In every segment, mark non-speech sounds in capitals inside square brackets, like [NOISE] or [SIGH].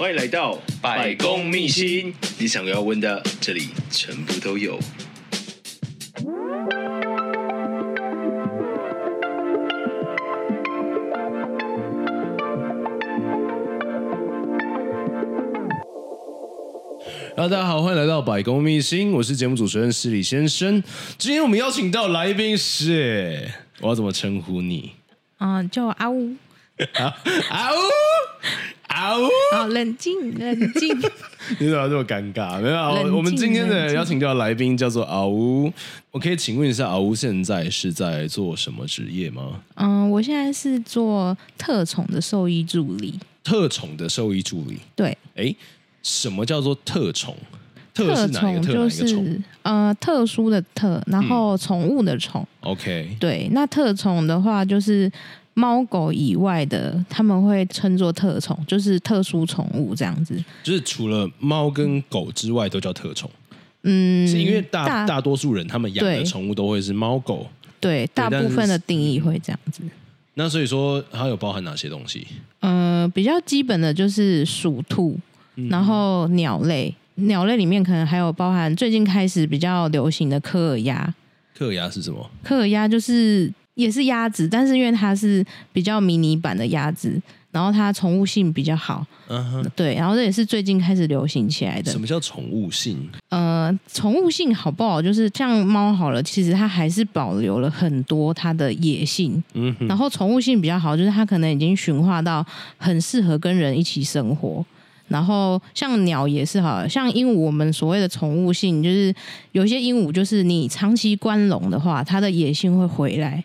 歡迎來到百工秘辛，秘辛。你想要問的這裡全部都有。Hello，大家好，歡迎來到百工秘辛，我是節目主持人失禮先生。今天我們邀請到來賓是，我要怎麼稱呼你？嗯，叫我嗷嗚、啊。嗷嗚。 [LAUGHS] 傲冷靜，冷靜。冷靜 [LAUGHS] 你怎麼這麼尷尬？沒有、啊，靜我們今天的邀請到的來賓叫做嗷嗚。我可以請問一下，嗷嗚現在是在做什麼職業嗎？嗯，我現在是做特寵的獸醫助理。特寵的獸醫助理。對。哎、欸，什麼叫做特寵特寵？特寵、就是、哪個特？哪個呃，特殊的特，然後寵物的寵、嗯。OK。對，那特寵的話就是。貓狗以外的，他們會稱作特寵，就是特殊寵物這樣子。就是除了貓跟狗之外，都叫特寵。嗯，是因為大大，大多數人他們養的寵物，對物都會是貓狗。對，對大部分的定義是、嗯、會這樣子。那所以說，它有包含哪些東西？呃，比較基本的就是鼠兔，然後鳥類。鳥類裡面可能還有包含最近開始比較流行的柯爾鴨。柯爾鴨是什麼？柯爾鴨就是。也是鴨子，但是因為它是比較迷你版的鴨子，然後它寵物性比較好。嗯、Uh-huh. 對，然後這也是最近開始流行起來的。什麼叫寵物性？呃，寵物性好不好？就是像貓好了，其實它還是保留了很多它的野性。嗯、Uh-huh. 然後寵物性比較好，就是它可能已經馴化到很適合跟人一起生活。然後像鳥也是好，像鸚鵡，我們所謂的寵物性，就是有些鸚鵡就是你長期關籠的話，它的野性會回來。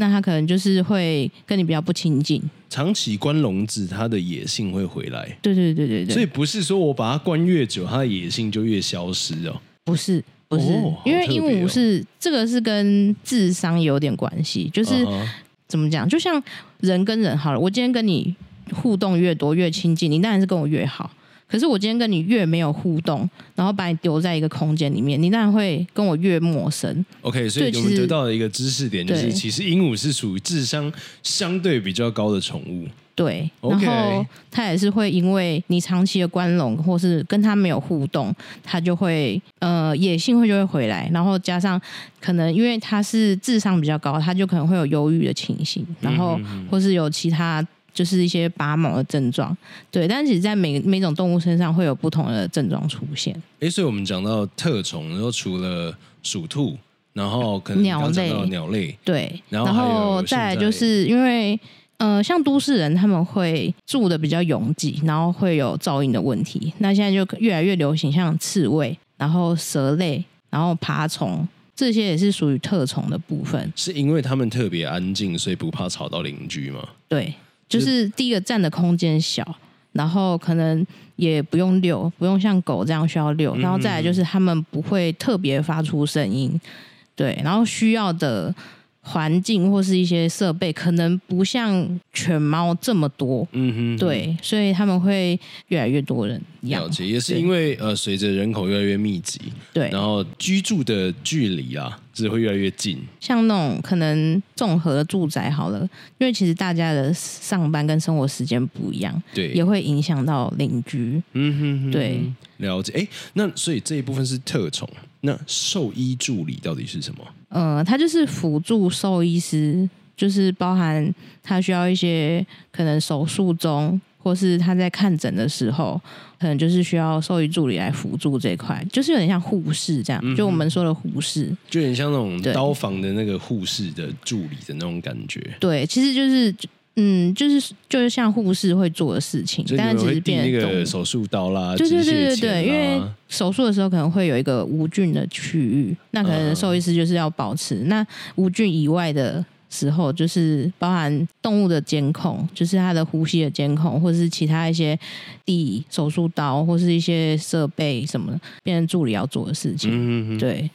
那他可能就是會跟你比較不親近，長期關籠子，他的野性會回來。對對對對對，所以不是說我把它關越久，它的野性就越消失哦。不是不是，哦、因為鸚鵡是這個是跟智商有點關係，就是、啊、哈怎麼講？就像人跟人好了，我今天跟你互動越多越親近，你當然是跟我越好。可是我今天跟你越沒有互動，然後把你丟在一個空間裡面，你當然會跟我越陌生。OK，所以我們得到的一個知識點對就是，其實鸚鵡是屬於智商相對比較高的寵物。對，然後它也是會因為你長期的關籠或是跟它沒有互動，它就會呃野性會就會回來，然後加上可能因為它是智商比較高，它就可能會有憂鬱的情形，然後或是有其他。就是一些拔毛的症狀，對。但其實在每每種動物身上會有不同的症狀出現。哎，所以我們講到特寵，然後除了鼠兔，然後可能剛剛鳥類，鳥類對。然後，然後再來就是因為呃，像都市人他們會住的比較擁擠，然後會有噪音的問題。那現在就越來越流行，像刺蝟，然後蛇類，然後爬蟲，這些也是屬於特寵的部分。是因為他們特別安靜，所以不怕吵到鄰居嗎？對。就是第一個佔的空間小，然後可能也不用遛，不用像狗這樣需要遛，然後再來就是他們不會特別發出聲音，對，然後需要的環境或是一些設備，可能不像犬貓這麼多，嗯哼，哼，對，所以他們會越來越多人養。了解，也是因為對呃，隨着人口越來越密集，對，然後居住的距離啊，只會越來越近。像那種可能綜合住宅好了，因為其實大家的上班跟生活時間不一樣，對，也會影響到鄰居，嗯哼，哼，對，了解。哎、欸，那所以這一部分是特寵。那獸醫助理到底是什麼？呃，他就是輔助獸醫師，就是包含他需要一些可能手術中，或是他在看診的時候，可能就是需要獸醫助理來輔助這一塊，就是有點像護士這樣，就我們說的護士、嗯，就有點像那種刀房的那個護士的助理的那種感覺。對，對，其實就是。嗯，就是就是像護士會做的事情，但是只是變那個手術刀啦，對對對對對，因為手術的時候可能會有一個無菌的區域，那可能獸醫師就是要保持、啊、那無菌以外的時候，就是包含動物的監控，就是它的呼吸的監控，或者是其他一些地手術刀或是一些設備什麼的，變成助理要做的事情，嗯、哼哼對，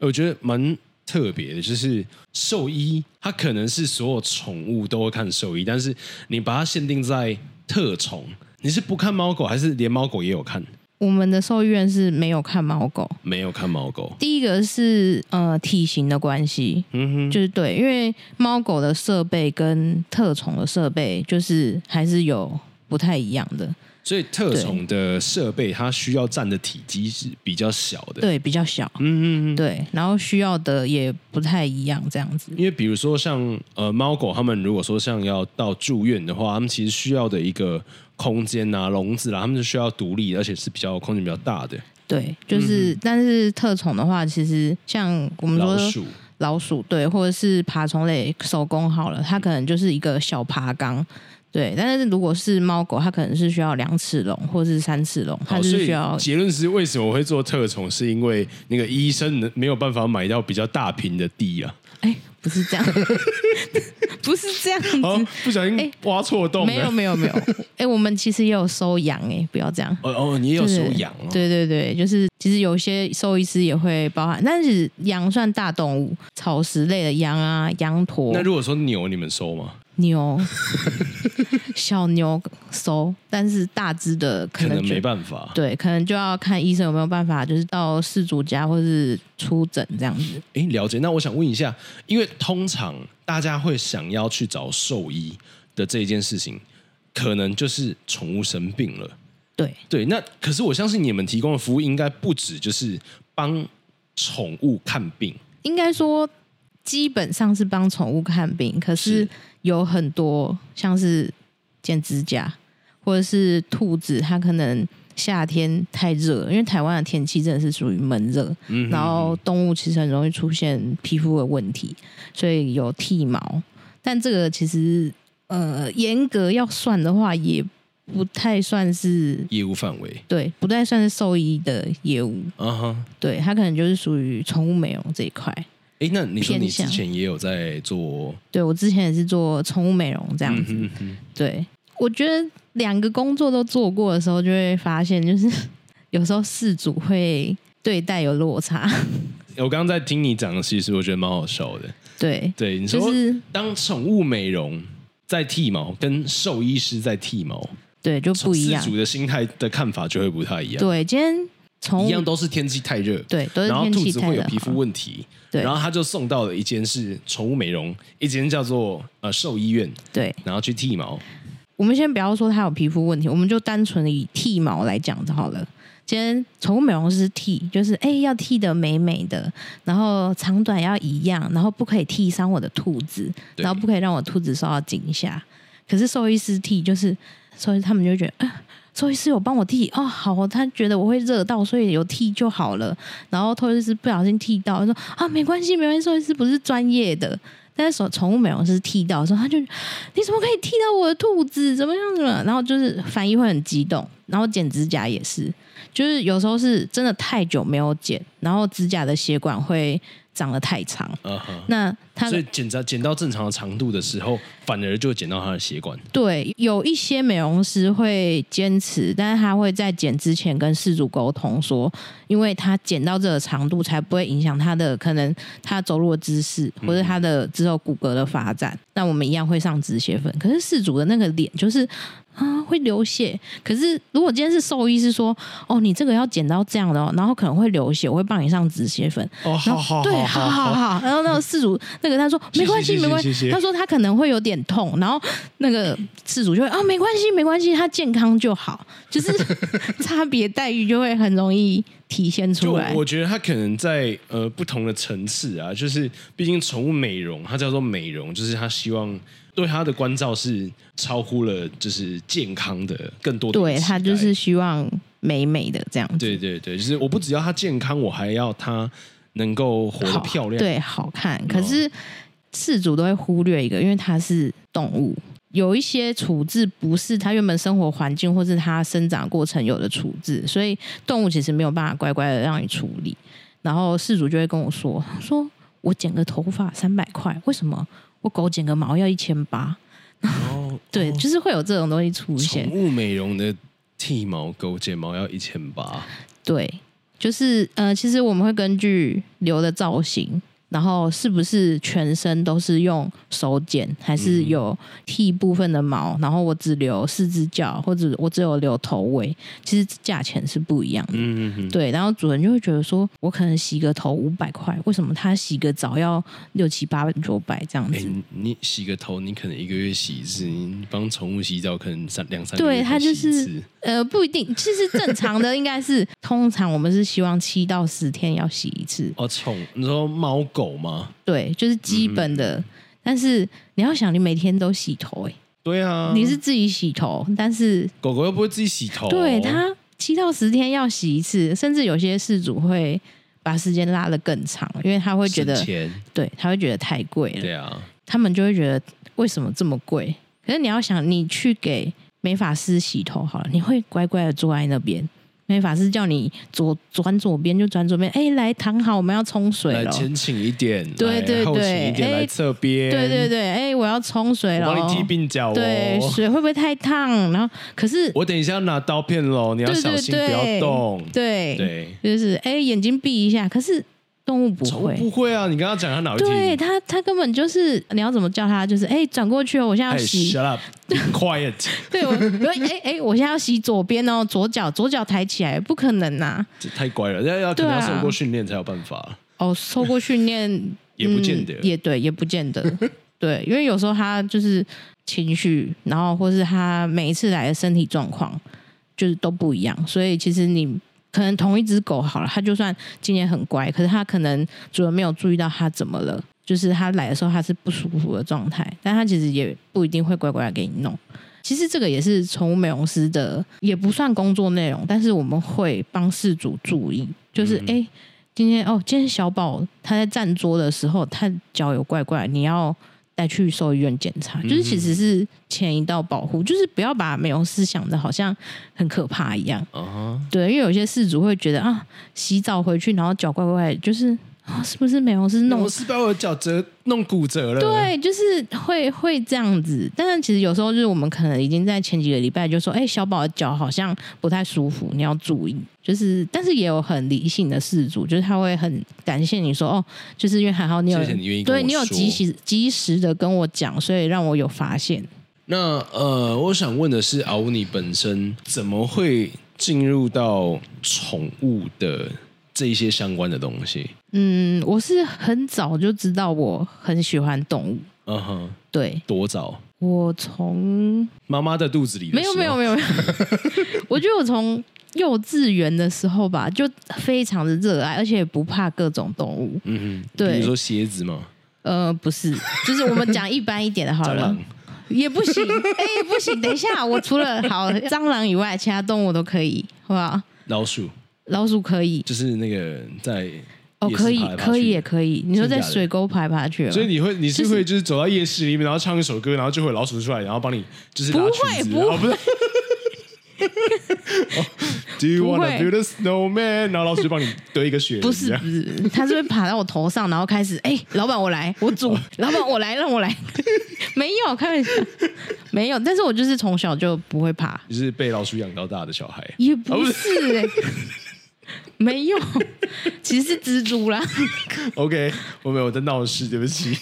我覺得蠻。特別的，就是獸醫，它可能是所有寵物都會看獸醫，但是你把它限定在特寵，你是不看貓狗，還是連貓狗也有看？我們的獸醫院是沒有看貓狗，沒有看貓狗。第一個是呃體型的關係，嗯哼，就是對，因為貓狗的設備跟特寵的設備，就是還是有。不太一樣的，所以特寵的設備對它需要占的體積是比較小的，對，比較小，嗯嗯嗯，對，然後需要的也不太一樣，這樣子。因為比如說像呃貓狗，他們如果說像要到住院的話，他們其實需要的一個空間啊，籠子啦，他們是需要獨立，而且是比較空間比較大的。對，就是嗯嗯但是特寵的話，其實像我們說,說老鼠，老鼠對，或者是爬蟲類，守宮好了，它可能就是一個小爬缸。對，但是如果是貓狗，它可能是需要兩尺籠或是三尺籠，它是需要、哦。結論是為什麼我會做特寵？是因為那個醫生能沒有辦法買到比較大坪的地啊？哎、欸，不是這樣、欸， [LAUGHS] [LAUGHS] 不是這樣子，哦、不小心挖錯洞、欸。沒有沒有沒有，哎、欸，我們其實也有收羊、欸，哎，不要這樣。哦哦，你也有收羊、啊就是？對對對，就是其實有些獸醫師也會包含，但是羊算大動物，草食類的羊啊，羊駝。那如果說牛，你們收嗎？牛， [LAUGHS] 小牛收，但是大隻的可能，可能沒辦法，對，可能就要看醫生有沒有辦法，就是到飼主家或是出診這樣子。哎、欸，了解。那我想問一下，因為通常大家會想要去找獸醫的這一件事情，可能就是寵物生病了。對，對。那可是我相信你們提供的服務應該不止就是幫寵物看病，應該說。基本上是幫寵物看病，可是有很多像是剪指甲，或者是兔子，它可能夏天太熱，因為台灣的天氣真的是屬於悶熱，嗯哼嗯哼，然後動物其實很容易出現皮膚的問題，所以有剃毛。但這個其實呃，嚴格要算的話，也不太算是業務範圍，對，不太算是獸醫的業務，啊、uh huh、對，它可能就是屬於寵物美容這一塊。哎，那你說你之前也有在做？對我之前也是做寵物美容這樣子。嗯、哼哼對，我覺得兩個工作都做過的時候，就會發現，就是有時候飼主會對待有落差。我剛剛在聽你講的，其實我覺得蠻好笑的。對對，你說當寵物美容在剃毛，跟獸醫師在剃毛，對，就不一樣，飼主的心態的看法就會不太一樣。對，今天。蟲一樣都是天氣太熱，對，都是天氣太熱，然後兔子會有皮膚問題，對的，然後他就送到了一間是寵物美容，對一間叫做呃獸醫院，對，然後去剃毛。我們先不要說它有皮膚問題，我們就單純以剃毛來講就好了。今天寵物美容師剃，就是哎、欸、要剃得美美的，然後長短要一樣，然後不可以剃傷我的兔子，對然後不可以讓我兔子受到驚嚇。可是獸醫師剃，就是所以他們就覺得、呃獸醫師有幫我剃哦，好，他覺得我會熱到，所以有剃就好了。然後，頭一次不小心剃到，說啊，沒關係，沒關係，獸醫師不是專業的。但是，寵物美容師剃到的時候，說他就你怎麼可以剃到我的兔子？怎麼樣子的？然後就是反應會很激動，然後剪指甲也是，就是有時候是真的太久沒有剪，然後指甲的血管會。長得太長，uh huh. 那他所以剪，剪到正常的長度的時候，嗯、反而就會剪到他的血管。對，有一些美容師會堅持，但是他會在剪之前跟事主溝通說，因為他剪到這個長度，才不會影響他的可能他走路的姿勢或者他的之後骨骼的發展。嗯、那我們一樣會上止血粉，可是事主的那個臉就是。啊，會流血。可是如果今天是獸醫，是說哦，你這個要剪到這樣的，哦，然後可能會流血，我會幫你上止血粉。哦，好好好，對，好好好。好好好，然後那個飼主，那個他說謝謝，沒關係，沒關係。他說他可能會有點痛，謝謝謝謝，然後那個飼主就會啊、哦，沒關係，沒關係，他健康就好，就是差別待遇就會很容易體現出來。我覺得他可能在呃不同的層次啊，就是畢竟寵物美容，它叫做美容，就是他希望。對他的關照是超乎了，就是健康的更多的對。對他就是希望美美的這樣子。對對對，就是我不只要他健康，我還要他能夠活得漂亮、好對，好看。嗯、可是飼主都會忽略一個，因為他是動物，有一些處置不是他原本生活環境或是他生長過程有的處置，所以動物其實沒有辦法乖乖的讓你處理。然後飼主就會跟我說：“說我剪個頭髮三百塊，為什麼？”我狗剪個毛要一千八，然後、oh, oh, 對，就是會有這種東西出現。寵物美容的剃毛、狗剪毛要一千八，對，就是呃，其實我們會根據留的造型。然後是不是全身都是用手剪，還是有剃部分的毛？嗯、哼然後我只留四隻腳，或者我只有留頭尾，其實價錢是不一樣的。嗯嗯嗯。對，然後主人就會覺得說，我可能洗個頭五百塊，為什麼他洗個澡要六七八九百這樣子？欸，你洗個頭，你可能一個月洗一次，你幫寵物洗澡可能三兩三個月洗一次。對，它就是呃不一定，其實正常的應該是， [LAUGHS] 通常我們是希望七到十天要洗一次。哦，寵，你說貓狗。狗嗎？對，就是基本的。嗯、但是你要想，你每天都洗頭？欸，哎，對啊，你是自己洗頭，但是狗狗又不會自己洗頭。對，它七到十天要洗一次，甚至有些飼主會把時間拉得更長，因為他會覺得，省錢。對，他會覺得太貴了。對啊，他們就會覺得為什麼這麼貴？可是你要想，你去給美髮師洗頭好了，你會乖乖的坐在那邊。美髮師叫你左轉左邊就轉左邊，哎、欸，來躺好，我們要沖水，來前傾一點，對對對，哎，側邊、欸，對對對，哎、欸，我要沖水然後，你剃鬢角對，水會不會太燙？然後可是我等一下要拿刀片嘍，你要小心，不要動。對，對對，對對就是哎、欸，眼睛閉一下。可是。動物不會不會啊！你剛剛講他腦筋，對他他根本就是你要怎麼叫他，就是哎轉、欸、過去哦。我現在要洗 hey, shut up.，quiet， [LAUGHS] 對我哎哎、欸欸，我現在要洗左邊哦，左腳左腳抬起來，不可能吶、啊！這太乖了，要要給他受過訓練才有辦法、啊、哦，受過訓練 [LAUGHS] 也不見得、嗯，也對，也不見得， [LAUGHS] 對，因為有時候他就是情緒，然後或是他每一次來的身體狀況就是都不一樣，所以其實你。可能同一只狗好了，它就算今天很乖，可是它可能主人沒有注意到它怎麼了，就是它來的時候它是不舒服的狀態，但它其實也不一定會乖乖來給你弄。其實這個也是寵物美容師的，也不算工作內容，但是我們會幫飼主注意，就是哎、嗯欸，今天哦，今天小寶它在站桌的時候，它腳有怪怪，你要。再去獸醫院檢查，就是其實是前一道保護，就是不要把美容師想的好像很可怕一樣。Uh huh. 對，因為有些飼主會覺得啊，洗澡回去然後腳怪怪，就是。哦、是不是美容師弄？我是把我的腳折，弄骨折了。對，就是會會這樣子。但是其實有時候就是我們可能已經在前幾個禮拜就說：“哎、欸，小寶的腳好像不太舒服，你要注意。”就是，但是也有很理性的飼主，就是他會很感謝你說：“哦，就是因為還好你有，謝謝你願意，對你有及時及時的跟我講，所以讓我有發現。那”那呃，我想問的是，嗷嗚你本身怎麼會進入到寵物的？這一些相關的東西，嗯，我是很早就知道我很喜歡動物，嗯哼、uh-huh, 對，多早？我從媽媽的肚子裡沒，沒有沒有沒有沒有， [LAUGHS] 我覺得我從幼稚園的時候吧，就非常的熱愛，而且也不怕各種動物，嗯哼，對比如說蠍子嗎？呃，不是，就是我們講一般一點的好了， [LAUGHS] 蟑螂也不行，哎、欸，不行，等一下，我除了好蟑螂以外，其他動物都可以，好不好？老鼠？老鼠可以，就是那個在爬爬哦，可以，可以，也可以。你說在水溝爬爬去。的的所以你會，你是會，就是走到夜市裡面，然後唱一首歌，然後就會有老鼠出來，然後幫你就是不曲子。啊，不是。 [LAUGHS] oh, do you wanna 會 Do The snowman？然後老鼠幫你堆一個雪人。不是，不是樣他是會爬到我頭上，然後開始哎、欸，老闆，我來，我做，哦、老闆，我來，讓我來。 [LAUGHS] 沒有，開玩笑，沒有。但是我就是從小就不會爬。就是被老鼠養到大的小孩，也不是、欸。 [LAUGHS] 沒有，其實是蜘蛛啦。OK，我沒有在鬧事，對不起。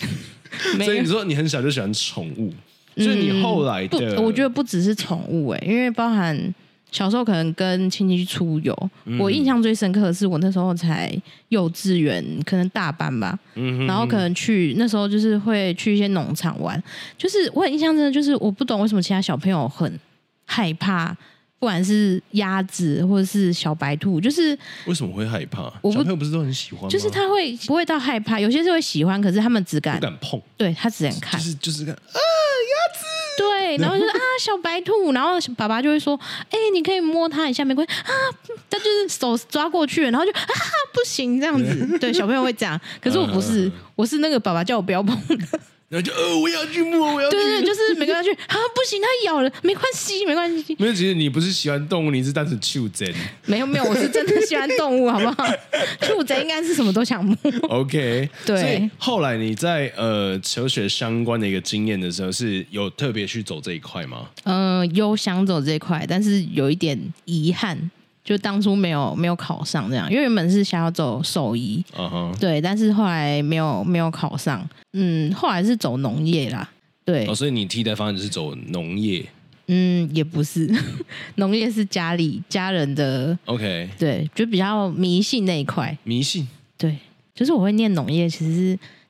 沒有。所以你說你很小就喜歡寵物，所、就是你後來的。不，我覺得不只是寵物哎、欸，因為包含小時候可能跟親戚去出遊，嗯、我印象最深刻的是我那時候才幼稚園，可能大班吧。嗯哼嗯哼，然後可能去那時候就是會去一些農場玩，就是我很印象真的就是我不懂為什麼其他小朋友很害怕。不管是鴨子或者是小白兔，就是為什麼會害怕？我不小朋友不是都很喜歡？就是他會不會到害怕？有些是會喜歡，可是他們只敢不敢碰？對他只敢看，就是就是看啊，鴨子。對，然後就是對啊，小白兔。然後爸爸就會說：“哎、欸，你可以摸它一下，沒關係啊。”他就是手抓過去，然後就啊，不行這樣子。 [LAUGHS] 對，小朋友會這樣，可是我不是，我是那個爸爸叫我不要碰的。然後就呃，我要去摸，我要去，對對對，就是沒跟他去啊，不行，他咬了，沒關係，沒關係。沒有，其實你不是喜歡動物，你是單純去賊。沒有沒有，我是真的喜歡動物， [LAUGHS] 好不好？去賊 [LAUGHS] 應該是什麼都想摸。OK，對。後來你在呃求學相關的一個經驗的時候，是有特別去走這一塊嗎？呃，有想走這一塊，但是有一點遺憾。就當初沒有沒有考上這樣，因為原本是想要走獸醫，uh huh. 對，但是後來沒有沒有考上，嗯，後來是走農業啦，對。Oh, 所以你替代方案就是走農業？嗯，也不是，農 [LAUGHS] 業是家裡家人的。OK，對，就比較迷信那一塊，迷信。對，就是我會念農業，其實是。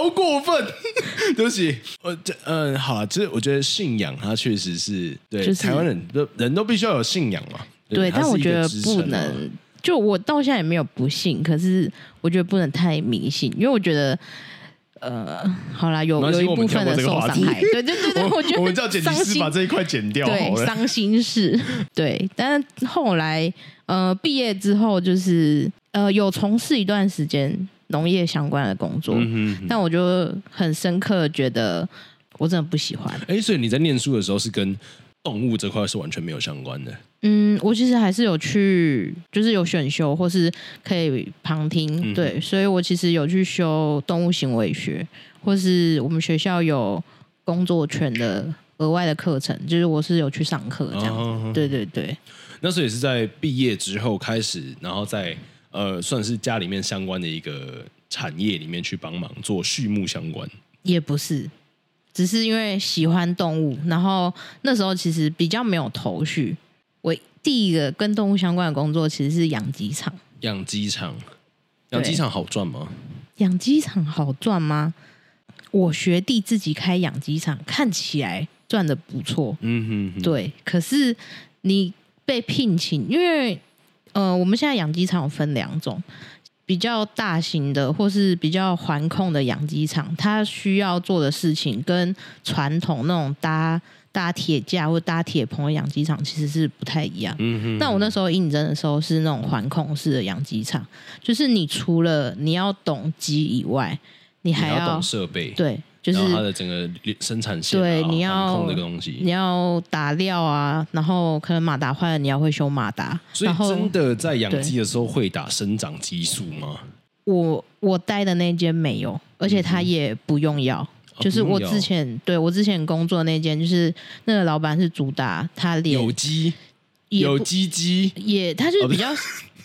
好過分，對不起，呃，這嗯，好了，其實我覺得信仰，它確實是對、就是、台灣人都人都必須要有信仰嘛。對，對但我覺得不能，就我到現在也沒有不信，可是我覺得不能太迷信，因為我覺得，呃，好啦，有有一部分的受傷害對，對對對，我，我們叫剪輯師把這一塊剪掉，對，傷心事，對，但後來，呃，畢業之後就是，呃，有從事一段時間。農業相關的工作，嗯、哼哼，但我就很深刻覺得我真的不喜歡。哎、欸，所以你在念書的時候是跟動物這塊是完全沒有相關的？嗯，我其實還是有去，就是有選修或是可以旁聽，嗯、哼對，所以我其實有去修動物行為學，或是我們學校有工作犬的額外的課程，就是我是有去上課這樣、啊、哈哈對對對，那時候也是在畢業之後開始，然後再。呃，算是家裡面相關的一個產業裡面去幫忙做畜牧相關，也不是，只是因為喜歡動物。然後那時候其實比較沒有頭緒。我第一個跟動物相關的工作其實是養雞場。養雞場，養雞場好賺嗎？養雞場好賺嗎？我學弟自己開養雞場，看起來賺的不錯。嗯哼，哼，對。可是你被聘請，因為。呃，我們現在養雞場分兩種，比較大型的或是比較環控的養雞場，它需要做的事情跟傳統那種搭搭鐵架或搭鐵棚的養雞場其實是不太一樣。嗯，但我那時候應徵的時候是那種環控式的養雞場，就是你除了你要懂雞以外，你還要，要懂設備。對。就是它的整個生產線、啊，對你要你要打料啊，然後可能馬達壞了，你要會修馬達。所以然後真的在養雞的時候會打生長激素嗎？我我待的那間沒有，而且他也不用藥。嗯、哼就是我之前、啊、對我之前工作那間，就是那個老闆是主打他有機。有機雞也，它就是比較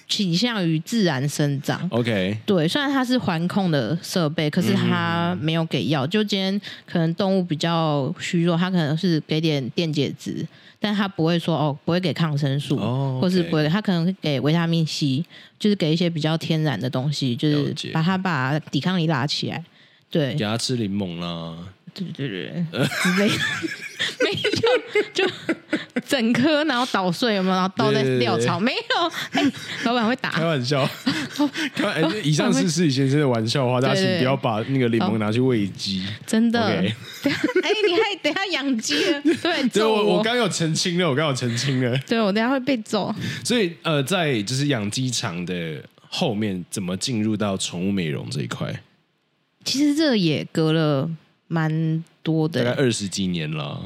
傾向於自然生長。 [LAUGHS] OK，對，雖然它是環控的設備，可是它沒有給藥。嗯嗯，就今天可能動物比較虛弱，它可能是給點電解質，但它不會說哦，不會給抗生素，oh, okay. 或是不會，它可能會給維他命 C，就是給一些比較天然的東西，就是把它把抵抗力拉起來。對，給它吃檸檬啦。對，對對對，呃、沒沒就就整顆，然後搗碎有沒有？然後倒在料槽，對對對對對沒有。哎、欸，老闆會打，開玩笑。開玩笑，以上是失禮先生的玩笑話，大家請不要把那個檸檬拿去餵雞哦。真的？哎 Okay,，你還等下養雞？對，我對我我剛剛有澄清了，我剛剛有澄清了。對，我等下會被揍。所以呃，在就是養雞場的後面，怎麼進入到寵物美容這一塊？其實這也隔了。蠻多的，大概二十幾年了，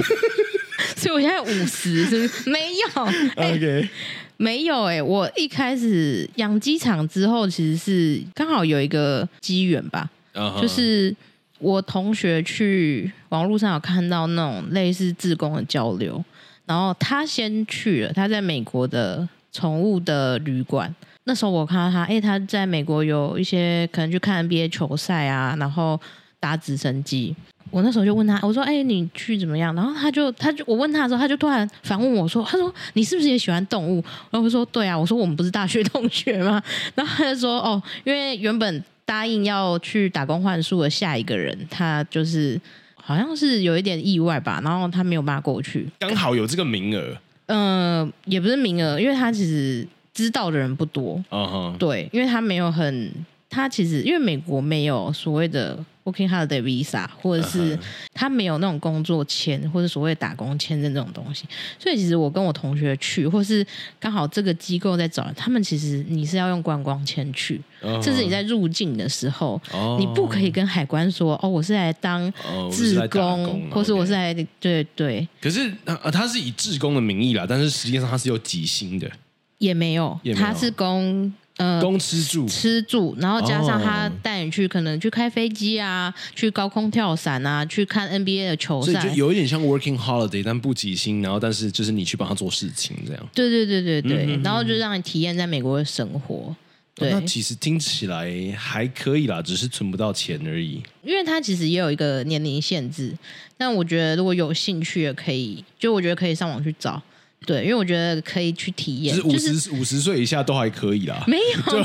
[LAUGHS] 所以我現在五十是不是 [LAUGHS] 沒有、欸？OK，沒有哎、欸。我一開始養雞場之後，其實是剛好有一個機緣吧，uh huh. 就是我同學去網絡上有看到那種類似志工的交流，然後他先去了，他在美國的寵物的旅館。那時候我看到他，哎、欸，他在美國有一些可能去看 NBA 球賽啊，然後。搭直升機，我那時候就問他，我說：“哎、欸，你去怎麼樣？”然後他就，他就我問他的時候，他就突然反問我說：“他說你是不是也喜歡動物？”然後我說：“對啊。”我說：“我們不是大學同學嗎？”然後他就說：“哦，因為原本答應要去打工換宿的下一個人，他就是好像是有一點意外吧，然後他沒有辦法過去，剛好有這個名額。嗯、呃，也不是名額，因為他其實知道的人不多。嗯、uh huh. 對，因為他沒有很，他其實因為美國沒有所謂的。” Working holiday visa，或者是他沒有那種工作簽、uh huh. 或者所謂打工簽證這種東西，所以其實我跟我同學去，或是剛好這個機構在找他們，其實你是要用觀光簽去，uh huh. 甚至你在入境的時候，uh huh. 你不可以跟海關說、uh huh. 哦，我是來當志工，uh huh. 是工啊、或是我是來 Okay. 對，對對，可是他是以志工的名義啦，但是實際上他是有底薪的，也沒有，他是工。呃，供吃住，吃住，然後加上他帶你去，哦、可能去開飛機啊，去高空跳傘啊，去看 NBA 的球賽，所以就有一點像 working holiday，但不給薪。然後但是就是你去幫他做事情這樣。對對對對對，嗯嗯嗯嗯，然後就讓你體驗在美國的生活。對，哦、那其實聽起來還可以啦，只是存不到錢而已。因為他其實也有一個年齡限制，但我覺得如果有興趣，也可以，就我覺得可以上網去找。對，因為我覺得可以去體驗，就是五十歲以下都還可以啦。沒有，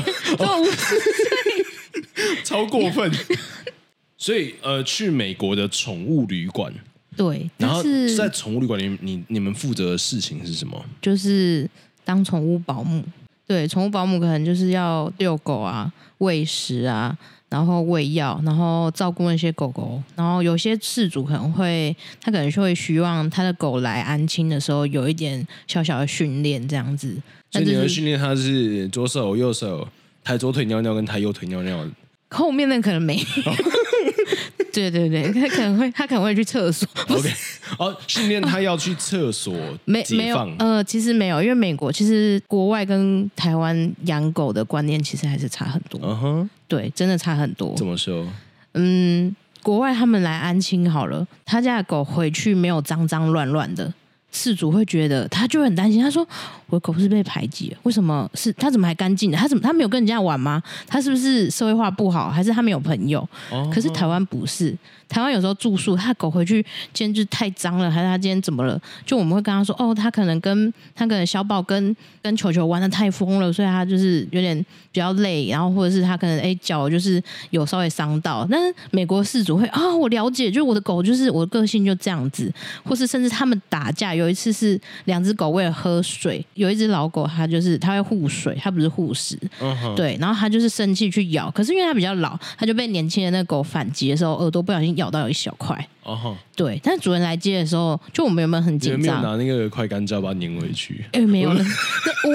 超過分。Yeah. 所以呃，去美國的寵物旅館，對，然後但是在寵物旅館裡，你你們負責的事情是什麼？就是當寵物保姆。對，寵物保姆可能就是要遛狗啊，餵食啊。然後餵藥，然後照顧那些狗狗，然後有些飼主可能會，他可能就會希望他的狗來安親的時候有一點小小的訓練這樣子。那你的訓練他是左手右手抬左腿尿尿跟抬右腿尿尿的？後面那可能沒。Oh. 對對對，他可能會，他可能會去廁所。OK，哦，訓練他要去廁所 [LAUGHS] 方沒，沒有，呃，其實沒有，因為美國其實國外跟台灣養狗的觀念其實還是差很多。嗯哼、uh，huh. 對，真的差很多。怎麼說？嗯，國外他們來安親好了，他家的狗回去沒有髒髒亂亂的。事主會覺得他就會很擔心，他說：“我的狗是被排擠了，為什麼是？他怎麼還乾淨的？他怎麼他沒有跟人家玩嗎？他是不是社會化不好，還是他沒有朋友？哦、可是台灣不是，台灣有時候住宿，他狗回去，今天就太髒了，還是他今天怎麼了？就我們會跟他說：哦，他可能跟他可能小寶跟跟球球玩得太瘋了，所以他就是有點比較累，然後或者是他可能哎腳、欸、就是有稍微傷到。但是美國飼主會啊、哦，我了解，就我的狗就是我的個性就這樣子，或是甚至他們打架。”有一次是兩隻狗為了喝水，有一隻老狗，它就是它會護水，它不是護食，uh huh. 對，然後它就是生氣去咬，可是因為它比較老，它就被年輕的那個狗反擊的時候，耳朵不小心咬到有一小塊。對，但是主人來接的時候，就我們有沒有很緊張？拿那個快乾膠把它擰回去？哎，沒有了。我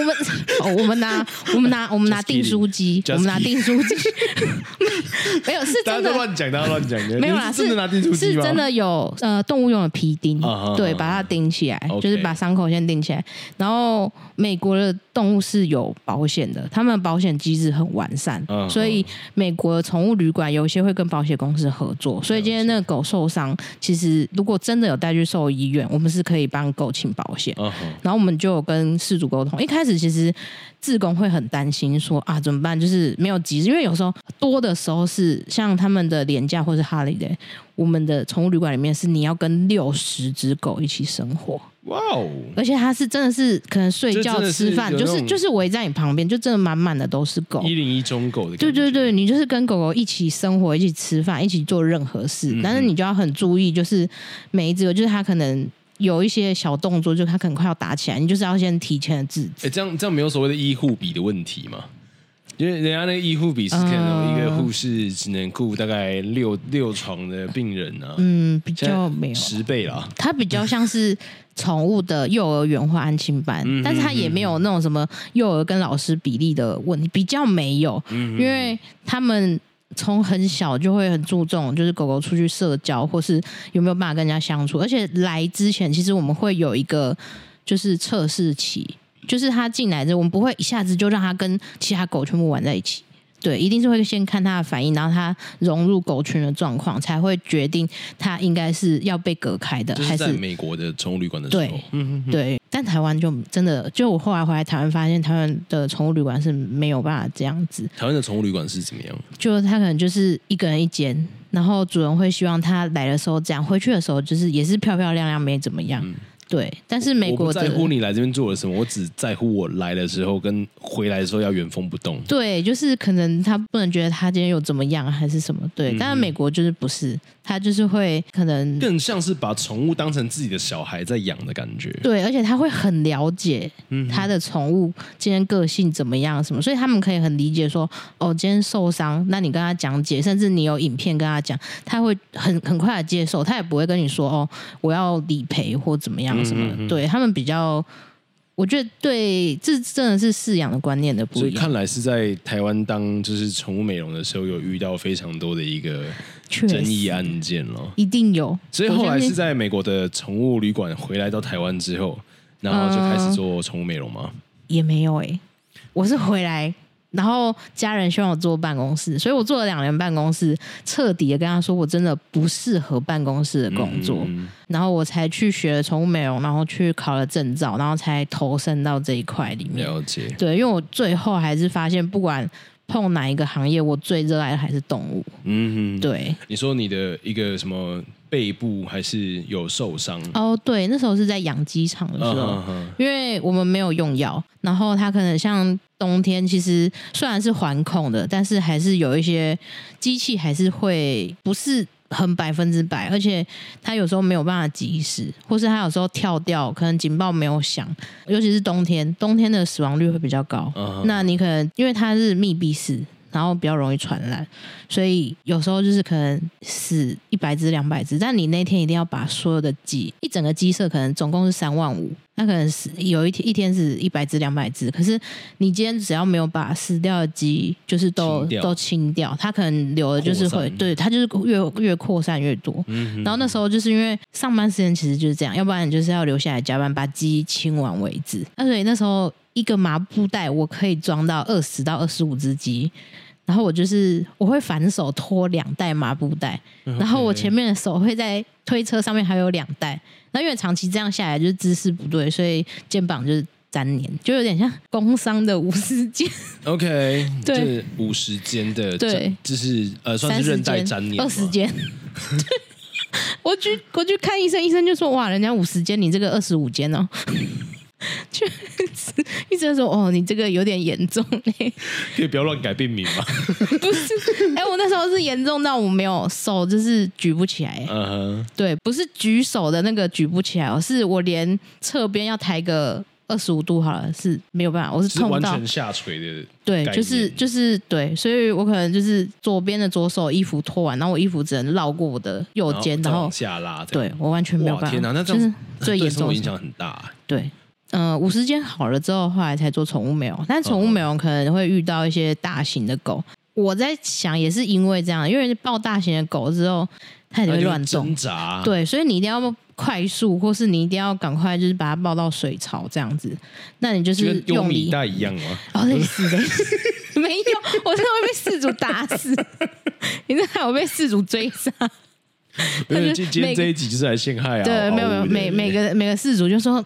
們我們拿我們拿我們拿訂書機，我們拿訂書機。沒有是真的亂講，大家亂講的。沒有啦，是是真的有呃，動物用的皮釘，對，把它釘起來，就是把傷口先釘起來。然後美國的動物是有保險的，他們保險機制很完善，所以美國的寵物旅館有些會跟保險公司合作。所以今天那個狗受傷。其實，如果真的有帶去獸醫院，我們是可以幫狗請保險，uh huh. 然後我們就跟事主溝通。一開始其實，志工會很擔心說啊，怎麼辦？就是沒有急，因為有時候多的時候是像他們的年假或是 holiday。我們的寵物旅館裡面是你要跟六十隻狗一起生活，哇哦 Wow！而且它是真的是可能睡覺吃飯、吃飯、就是，就是就是圍在你旁邊，就真的滿滿的都是狗。一零一中狗的感覺，對對對，你就是跟狗狗一起生活、一起吃飯、一起做任何事，嗯、哼但是你就要很注意，就是每一隻狗就是它可能有一些小動作，就它可能快要打起來，你就是要先提前制止。誒，這樣這樣沒有所謂的醫護比的問題嗎？因為人家那個醫護比是看的，一個護士只能顧大概六六床的病人呢、啊。嗯，比較沒有十倍啦。它比較像是寵物的幼兒園或安親班， [LAUGHS] 但是它也沒有那種什麼幼兒跟老師比例的問題，比較沒有。嗯、哼因為他們從很小就會很注重，就是狗狗出去社交或是有沒有辦法跟人家相處。而且來之前，其實我們會有一個就是測試期。就是他進來的我們不會一下子就讓他跟其他狗全部玩在一起。對，一定是會先看他的反應，然後他融入狗群的狀況，才會決定他應該是要被隔開的，還是。在美國的寵物旅館的時候，對，對。但台灣就真的，就我後來回來台灣，發現台灣的寵物旅館是沒有辦法這樣子。台灣的寵物旅館是怎麼樣？就是他可能就是一個人一間，然後主人會希望他來的時候這樣，回去的時候就是也是漂漂亮亮，沒怎麼樣。嗯對，但是美國我我不在乎你來這邊做了什麼，我只在乎我來的時候跟回來的時候要原封不動。對，就是可能他不能覺得他今天有怎麼樣還是什麼，對。但是美國就是不是，他就是會可能更像是把寵物當成自己的小孩在養的感覺。對，而且他會很了解他的寵物今天個性怎麼樣什麼，所以他們可以很理解說，哦，今天受傷，那你跟他講解，甚至你有影片跟他講，他會很很快的接受，他也不會跟你說，哦，我要理賠或怎麼樣。什麼的？嗯、哼哼對他們比較，我覺得對，這真的是飼養的觀念的不一樣。所以看來是在台灣當就是寵物美容的時候，有遇到非常多的一個爭議案件咯，一定有。所以後來是在美國的寵物旅館回來到台灣之後，然後就開始做寵物美容嗎？嗯、也沒有誒、欸，我是回來。然後家人希望我做辦公室，所以我做了兩年辦公室，徹底的跟他說我真的不適合辦公室的工作，嗯嗯，然後我才去學了寵物美容，然後去考了證照，然後才投身到這一塊裡面。了解，對，因為我最後還是發現，不管碰哪一個行業，我最熱愛的還是動物。嗯哼，對。你說你的一個什麼？背部還是有受傷哦，oh, 對，那時候是在養雞場的時候，uh huh. 因為我們沒有用藥，然後它可能像冬天，其實雖然是環控的，但是還是有一些機器還是會不是很百分之百，而且它有時候沒有辦法及時，或是它有時候跳掉，可能警報沒有響，尤其是冬天，冬天的死亡率會比較高，uh huh. 那你可能因為它是密閉式。然後比較容易傳染，嗯、所以有時候就是可能死一百只、兩百只，但你那天一定要把所有的雞，一整個雞舍可能總共是三萬五，那可能死有一天一天是一百只、兩百只，可是你今天只要沒有把死掉的雞就是都清掉都清掉，它可能留的就是會，散對，它就是越越擴散越多。嗯、哼然後那時候就是因為上班時間其實就是這樣，要不然你就是要留下來加班把雞清完為止。那所以那時候一個麻布袋我可以裝到二十到二十五只雞。然後我就是我會反手拖兩袋麻布袋，Okay. 然後我前面的手會在推車上面還有兩袋。那因為長期這樣下來就是姿勢不對，所以肩膀就是粘黏，就有點像工傷的五十肩。OK，對，五十肩的，對，這就是對呃算是韌帶粘黏。三十，二十肩， [LAUGHS] 我去我去看醫生，醫生就說哇，人家五十肩，你這個二十五肩哦， [LAUGHS] 就說哦，你這個有點嚴重嘞，你不要亂改病名嘛。 [LAUGHS] 不是，哎、欸，我那時候是嚴重到我沒有手，就是舉不起來。嗯哼、uh，huh. 對，不是舉手的那個舉不起來而、哦、是我連側邊要抬個二十五度好了是沒有辦法，我是痛到是完全下垂的。對，就是就是對，所以我可能就是左邊的左手的衣服脫完，然後我衣服只能繞過我的右肩，然後往下拉。對，我完全沒有辦法。就是那這最嚴重的，對影響很大、啊。對。嗯，五十間好了之後，後來才做寵物美容。但寵物美容可能會遇到一些大型的狗。哦哦我在想，也是因為這樣，因為你抱大型的狗之後，它就會亂動。啊、對，所以你一定要快速，或是你一定要趕快，就是把它抱到水槽這樣子。那你就是丟米袋一樣嗎？哦，類似的， [LAUGHS] 沒有，我真的會被飼主打死。 [LAUGHS] 你真的有被飼主追殺？因為今天這一集就是來陷害啊！對，沒有，沒有，每每個每個飼主就說。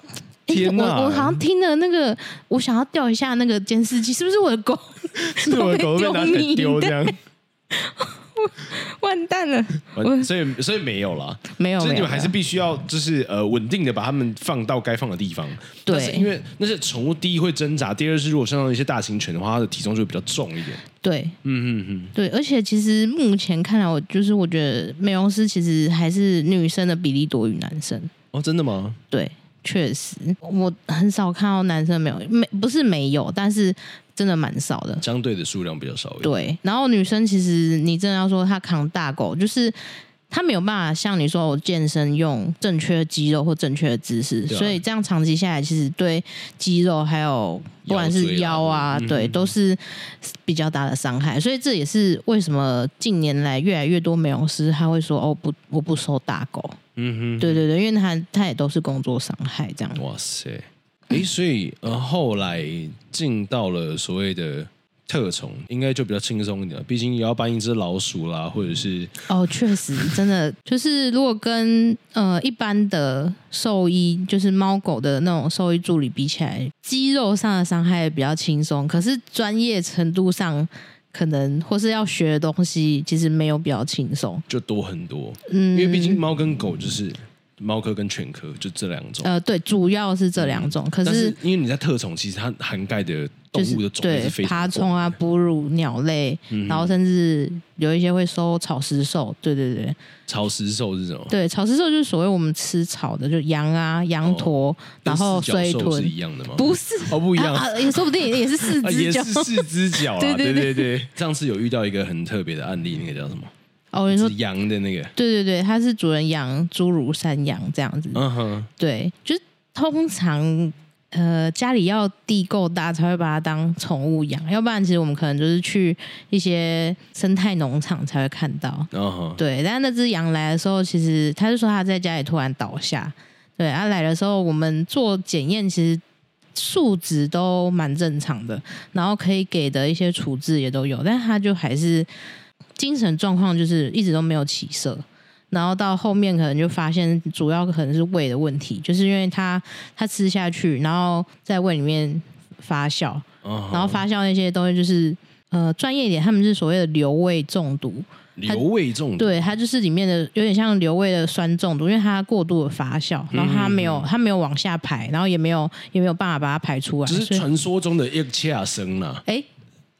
天、欸、我，我好像聽了那個，我想要調一下那個監視器，是不是我的狗，是我的狗都被丟掉，丟掉，完蛋了！所以，所以沒有了，沒有。所以你們還是必須要就是呃穩定的把它們放到該放的地方。對，因為那些寵物第一會掙扎，第二是如果像到一些大型犬的話，它的體重就會比較重一點。對，嗯嗯嗯，對。而且其實目前看來，我就是我覺得美容師其實還是女生的比例多於男生。哦，真的嗎？對。確實，我很少看到男生，沒有沒不是沒有，但是真的蠻少的，相對的數量比較少。對，然後女生其實你真的要說她扛大狗，就是她沒有辦法像你說我健身用正確的肌肉或正確的姿勢，啊、所以這樣長期下來，其實對肌肉還有不管是腰啊，對，都是比較大的傷害。嗯嗯，所以這也是為什麼近年來越來越多美容師她會說哦，不，我不收大狗。嗯哼，對對對，因為他他也都是工作傷害這樣。哇塞，哎，所以呃、嗯、後來進到了所謂的特寵，應該就比較輕鬆一點，畢竟也要搬一隻老鼠啦，或者是、嗯、哦，確實真的 [LAUGHS] 就是如果跟呃一般的獸醫，就是貓狗的那種獸醫助理比起來，肌肉上的傷害比較輕鬆，可是專業程度上。可能或是要學的東西，其實沒有比較輕鬆，就多很多。嗯，因為畢竟貓跟狗就是。貓科跟犬科就這兩種。呃，對，主要是這兩種。可是因為你在特寵，其實它涵蓋的動物的種類是非常多。對，爬蟲啊，哺乳、鳥類，然後甚至有一些會收草食獸。對對對。草食獸是什麼？對，草食獸就是所謂我們吃草的，就羊啊、羊駝，然後水豚。是一樣的嗎？不是，哦，不一樣啊，也說不定也是四隻，也是四隻腳。對對對對，上次有遇到一個很特別的案例，那個叫什麼？哦，你說羊的那個？對對對，它是主人養，侏儒山羊這樣子。嗯哼、uh，huh. 對，就是通常呃家裡要地夠大才會把它當寵物養，要不然其實我們可能就是去一些生態農場才會看到。Uh huh. 對，但是那只羊來的時候，其實他就說他在家裡突然倒下。對，他、啊、來的時候我們做檢驗，其實數值都蠻正常的，然後可以給的一些處置也都有，但他就還是。精神狀況就是一直都沒有起色，然後到後面可能就發現，主要可能是胃的問題，就是因為他他吃下去，然後在胃裡面發酵，oh、然後發酵那些東西就是呃專業一點，他們是所謂的瘤胃中毒，瘤胃中毒，對，它就是裡面的有點像瘤胃的酸中毒，因為它過度的發酵，然後它沒有嗯嗯它沒有往下排，然後也沒有也沒有辦法把它排出來，只是傳說中的一氣聲了，哎。欸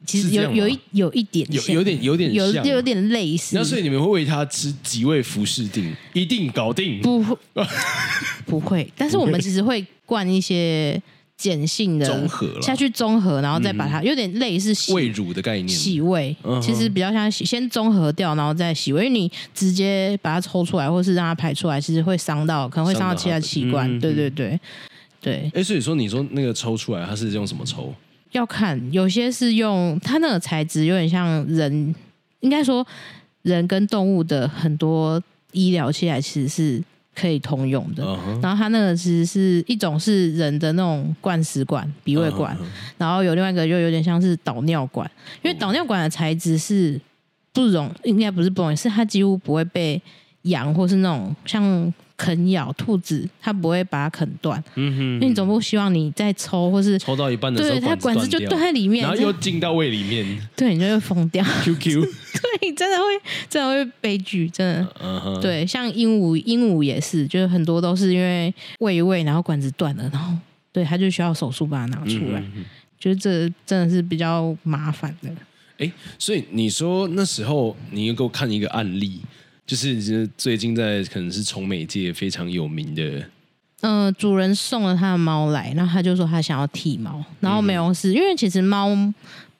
其實有有一有一點像有有點有點像，啊、有有點類似。那所以你們會餵它吃幾味服侍錠？一定搞定？不， [LAUGHS] 不會。但是我們其實會灌一些鹼性的，中和會下去，中和，然後再把它有點類似洗胃乳的概念，洗胃。其實比較像洗先中和掉，然後再洗胃，因為你直接把它抽出來，或是讓它排出來，其實會傷到，可能會傷到其他器官。對、嗯、對對對。哎、欸，所以說你說那個抽出來，它是用什麼抽？要看，有些是用它那個材質，有點像人，應該說人跟動物的很多醫療器械其實是可以通用的。Uh huh. 然後它那個其實是一種是人的那種灌食管、鼻胃管，uh huh huh. 然後有另外一個就有點像是導尿管，因為導尿管的材質是不容，應該不是不容，是它幾乎不會被養或是那種像。啃咬兔子，它不會把它啃斷。嗯哼嗯，因為你總不希望你在抽或是抽到一半的時候，對，它管子就斷在裡面，然後又進到胃裡面，樣嗯、對你就會瘋掉。Q Q， [LAUGHS] 對，真的會，真的會悲劇，真的。嗯哼、uh，huh. 對，像鸚鵡，鸚鵡也是，就是很多都是因為餵一餵，然後管子斷了，然後對它就需要手術把它拿出來。嗯哼、嗯嗯，覺得這真的是比較麻煩的。哎、欸，所以你說那時候，你又給我看一個案例。就是就最近在可能是寵美界非常有名的，嗯、呃，主人送了他的貓來，然後他就說他想要剃毛，然後美容師因為其實貓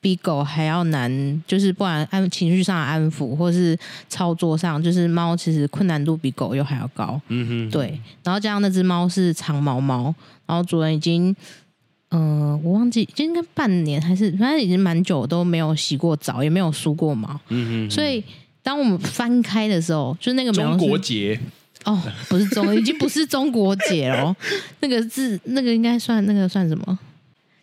比狗還要難，就是不管按情安情緒上安撫，或是操作上，就是貓其實困難度比狗又還要高，嗯哼，對，然後加上那只貓是長毛貓，然後主人已經，呃，我忘記已經應該半年還是反正已經蠻久都沒有洗過澡，也沒有梳過毛，嗯哼,哼，所以。當我們翻開的時候，就是那個是中國結哦，不是中，已經不是中國結哦。 [LAUGHS] 那個字，那個應該算那個算什麼？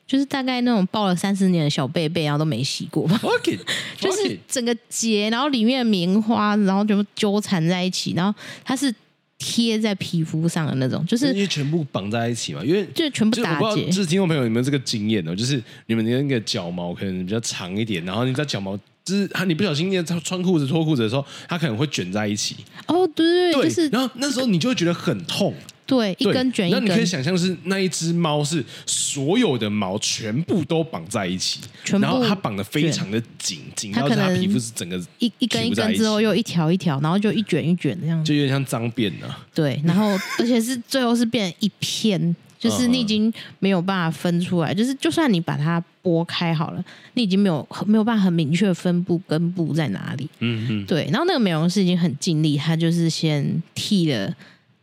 就是大概那種抱了三十年的小貝貝，然後都沒洗過吧？ [LAUGHS] 就是整個結，然後裡面的棉花，然後就糾纏在一起，然後它是貼在皮膚上的那種，就是，是因為全部綁在一起嘛？因為就全部打結。就是聽眾朋友，你們這個經驗呢、哦，就是你們的那個腳毛可能比較長一點，然後你知道腳毛。是啊，你不小心在穿褲子脫褲子的時候，它可能會捲在一起。哦，對對，對就是。然後那時候你就會覺得很痛。對，對一根捲一根。然後你可以想象是那一隻貓是所有的毛全部都綁在一起，部然後它綁得非常的緊對緊，然後它皮膚是整個一一根一根之後又一條一條，然後就一捲一捲的，這樣就有點像髒辮呢、啊。對，然後而且是最後是變成一片。 [LAUGHS] 就是你已經沒有辦法分出來，哦、就是就算你把它剝開好了，你已經沒有沒有辦法很明確分布根部在哪裡。嗯嗯哼。對，然後那個美容師已經很盡力，他就是先剃了，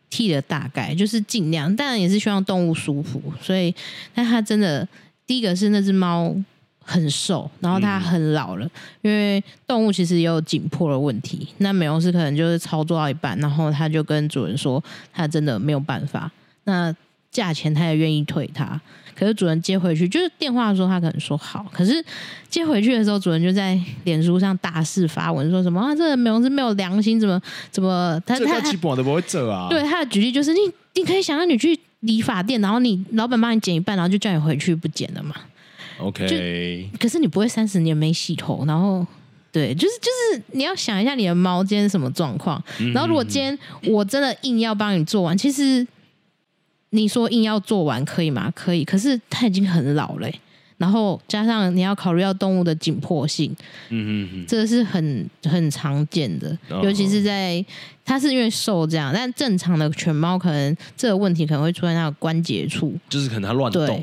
剃了大概就是盡量，當然也是希望動物舒服。所以，但他真的第一個是那隻貓很瘦，然後它很老了，嗯、因為動物其實也有緊迫的問題。那美容師可能就是操作到一半，然後他就跟主人說，他真的沒有辦法。那價錢他也願意退，他可是主人接回去就是電話的時候，他可能說好，可是接回去的時候，主人就在臉書上大肆發文說什麼這個美容師沒有良心，怎麼怎麼？他起不會走啊。對，他的舉例就是你你可以想讓你去理髮店，然後你老板幫你剪一半，然後就叫你回去不剪了嘛。OK，可是你不會三十年沒洗頭，然後對，就是就是你要想一下你的貓今天什麼狀況，然後如果今天我真的硬要幫你做完，嗯嗯嗯其實。你說硬要做完可以嗎？可以，可是它已經很老了，欸，然後加上你要考慮到動物的緊迫性，嗯嗯嗯，這個是很很常見的，哦、尤其是在它是因為瘦這樣，但正常的犬貓可能這個問題可能會出在那個關節處，嗯，就是可能它亂動對，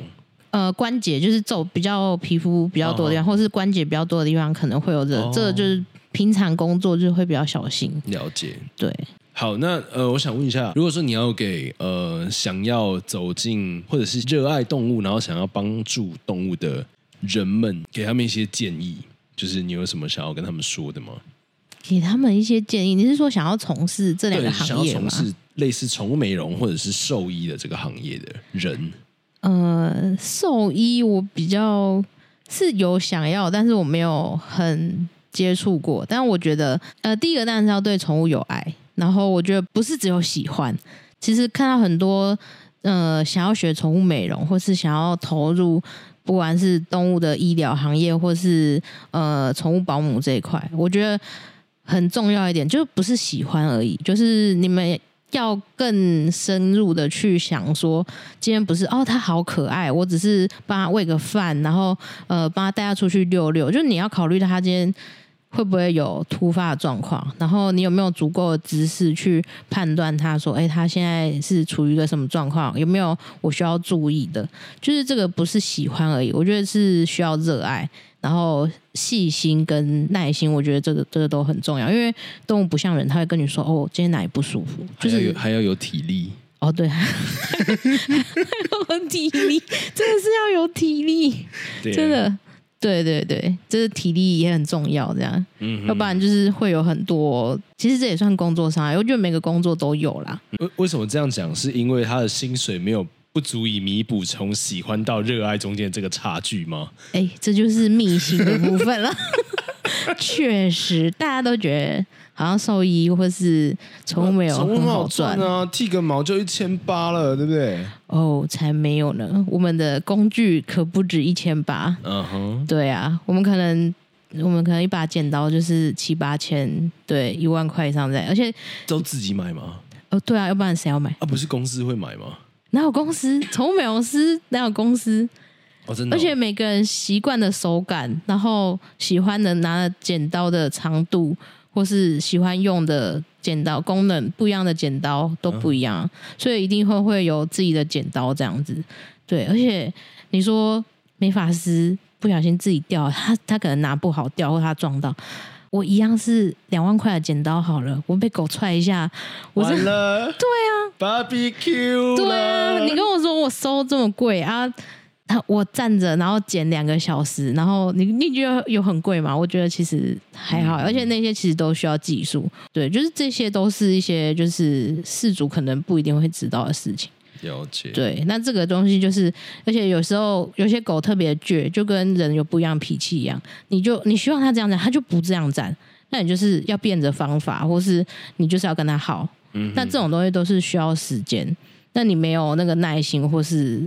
呃，關節就是皺比較皮膚比較多的地方，哦、或是關節比較多的地方可能會有這個，哦、這就是平常工作就會比較小心，了解，對。好，那呃，我想問一下，如果說你要給呃想要走進或者是熱愛動物，然後想要幫助動物的人們，給他們一些建議，就是你有什麼想要跟他們說的嗎？給他們一些建議，你是說想要從事這兩個行業嗎？從事類似寵物美容或者是獸醫的這個行業的人？呃，獸醫我比較是有想要，但是我沒有很接觸過。但我覺得，呃，第一個當然是要對寵物有愛。然後我覺得不是只有喜歡，其實看到很多呃想要學寵物美容，或是想要投入不管是動物的醫療行業，或是呃寵物保姆這一塊，我覺得很重要一點，就不是喜歡而已，就是你們要更深入的去想說，今天不是哦，它好可愛，我只是幫它餵個飯，然後呃幫它帶它出去遛遛，就你要考慮到它今天，會不會有突發狀況？然後你有沒有足夠的知識去判斷他，說：“欸，他現在是處於一個什麼狀況？有沒有我需要注意的？”就是這個不是喜歡而已，我覺得是需要熱愛，然後細心跟耐心，我覺得這個這個都很重要。因為動物不像人，他會跟你說：“哦，今天哪裡不舒服？”就是還要，還要有體力。哦，對，還要有體力，真的是要有體力，對了，真的。對對對，這、就是、體力也很重要，這樣，嗯、哼要不然就是會有很多。其實這也算工作上。我覺得每個工作都有啦。呃，為什麼這樣講？是因為他的薪水沒有不足以彌補從喜歡到熱愛中間這個差距嗎？哎、欸，這就是秘辛的部分了。 [LAUGHS] [LAUGHS] 確實，大家都覺得。然後獸醫或是寵物美容，寵物很好賺啊！剃、啊、個毛就一千八了，對不對？哦，oh, 才沒有呢！我們的工具可不止一千八。嗯哼、uh，huh. 對啊，我們可能我們可能一把剪刀就是七八千，對，一萬塊以上這樣，而且都自己買嗎？哦，對啊，要不然誰要買？啊，不是公司會買嗎？哪有公司？寵物美容師哪有公司？ [LAUGHS] 而且每個人習慣的手感，然後喜歡的拿剪刀的長度。或是喜歡用的剪刀功能不一樣的剪刀都不一樣，嗯、所以一定會會有自己的剪刀這樣子。對，而且你說美髮師，不小心自己掉，他他可能拿不好掉，或他撞到，我一樣是兩萬塊的剪刀好了，我被狗踹一下，我完了，對啊，芭比 Q。你跟我說我收這麼貴啊？我站着，然後剪兩個小時，然後你你覺得有很貴嗎？我覺得其實還好，嗯、而且那些其實都需要技術，對，就是這些都是一些就是飼主可能不一定會知道的事情。了解。對，那這個東西就是，而且有時候有些狗特別倔，就跟人有不一樣脾氣一樣，你就你希望它這樣站，它就不這樣站，那你就是要變着方法，或是你就是要跟他耗。嗯哼。那這種東西都是需要時間，那你沒有那個耐心，或是。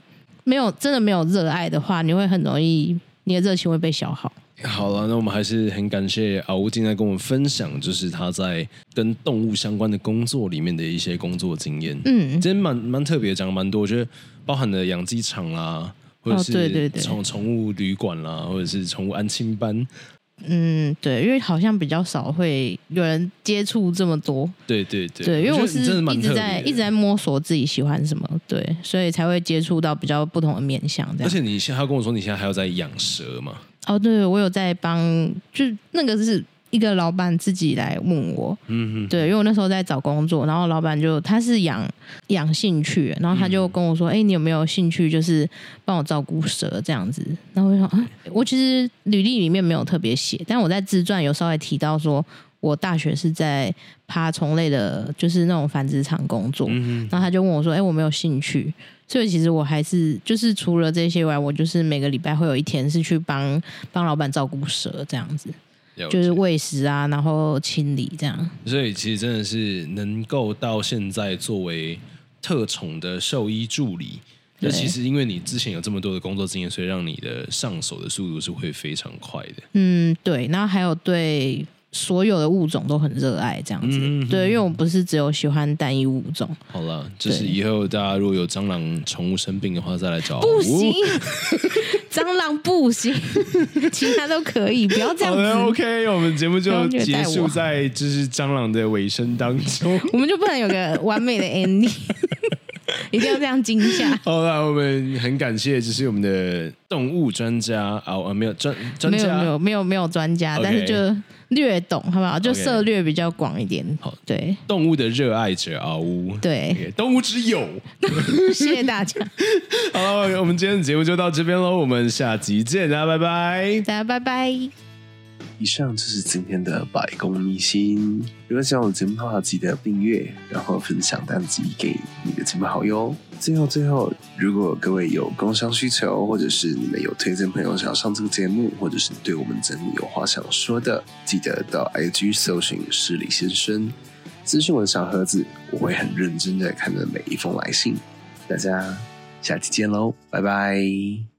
沒有真的沒有熱愛的話，你會很容易你的熱情會被消耗。好了，那我們還是很感謝嗷嗚今天跟我們分享，就是他在跟動物相關的工作裡面的一些工作經驗。嗯，今天蠻蠻特別，講得蠻多，我覺得包含了養雞場啦、啊，或者是從、哦、對對對，寵物旅館啦、啊，或者是寵物安親班。嗯，對，因為好像比較少會有人接觸這麼多，對對對，對，因為我是一直在一直在摸索自己喜歡什麼，對，所以才會接觸到比較不同的面相。而且你現在還跟我說你現在還要在養蛇嗎？哦，對，我有在幫，就是那個是。一個老板自己來問我，嗯、哼對，因為我那時候在找工作，然後老板就他是養養興趣，然後他就跟我說：“哎、嗯哼欸，你有沒有興趣，就是幫我照顧蛇這樣子？”然後我就說：“嗯、哼我其實履歷裡面沒有特別寫，但我在自傳有稍微提到說，我大學是在爬蟲類的，就是那種繁殖場工作。嗯哼”然後他就問我說：“哎、欸，我沒有興趣，所以其實我還是就是除了這些外，我就是每個禮拜會有一天是去幫幫老板照顧蛇這樣子。”就是餵食啊，然後清理這樣。所以其實真的是能夠到現在作為特寵的獸醫助理，那對其實因為你之前有這麼多的工作經驗，所以讓你的上手的速度是會非常快的。嗯，對。那還有對所有的物種都很熱愛這樣子，嗯、哼哼對，因為我不是只有喜歡單一物種。好了啦，對就是以後大家如果有蟑螂寵物生病的話，再來找我。不行。 [LAUGHS] 蟑螂不行，其他都可以，不要這樣子。好 OK 我們節目就結束在就是蟑螂的尾聲當中， [LAUGHS] 我們就不能有個完美的 ending， [LAUGHS] 一定要這樣驚嚇。好了，我們很感謝就是我們的動物專家啊、oh, 啊，沒有專家沒有，沒有沒有沒有沒有專家，Okay. 但是就。略懂好不好？就涉獵比較廣一點。Okay. 好，對。動物的熱愛者嗷嗚！對，okay. 動物之友， [LAUGHS] 謝謝大家。好了，我們今天的節目就到這邊嘍，我們下集見啦，拜拜，大家拜拜。以上就是今天的百工秘辛。如果喜歡我的節目的話，記得訂閱，然後分享單集給你的親朋好友。最後，最後，如果各位有工商需求，或者是你們有推薦朋友想要上這個節目，或者是對我們節目有話想說的，記得到 IG 搜尋“失禮先生”，私訊我的小盒子，我會很認真地看著每一封來信。大家下期見嘍，拜拜。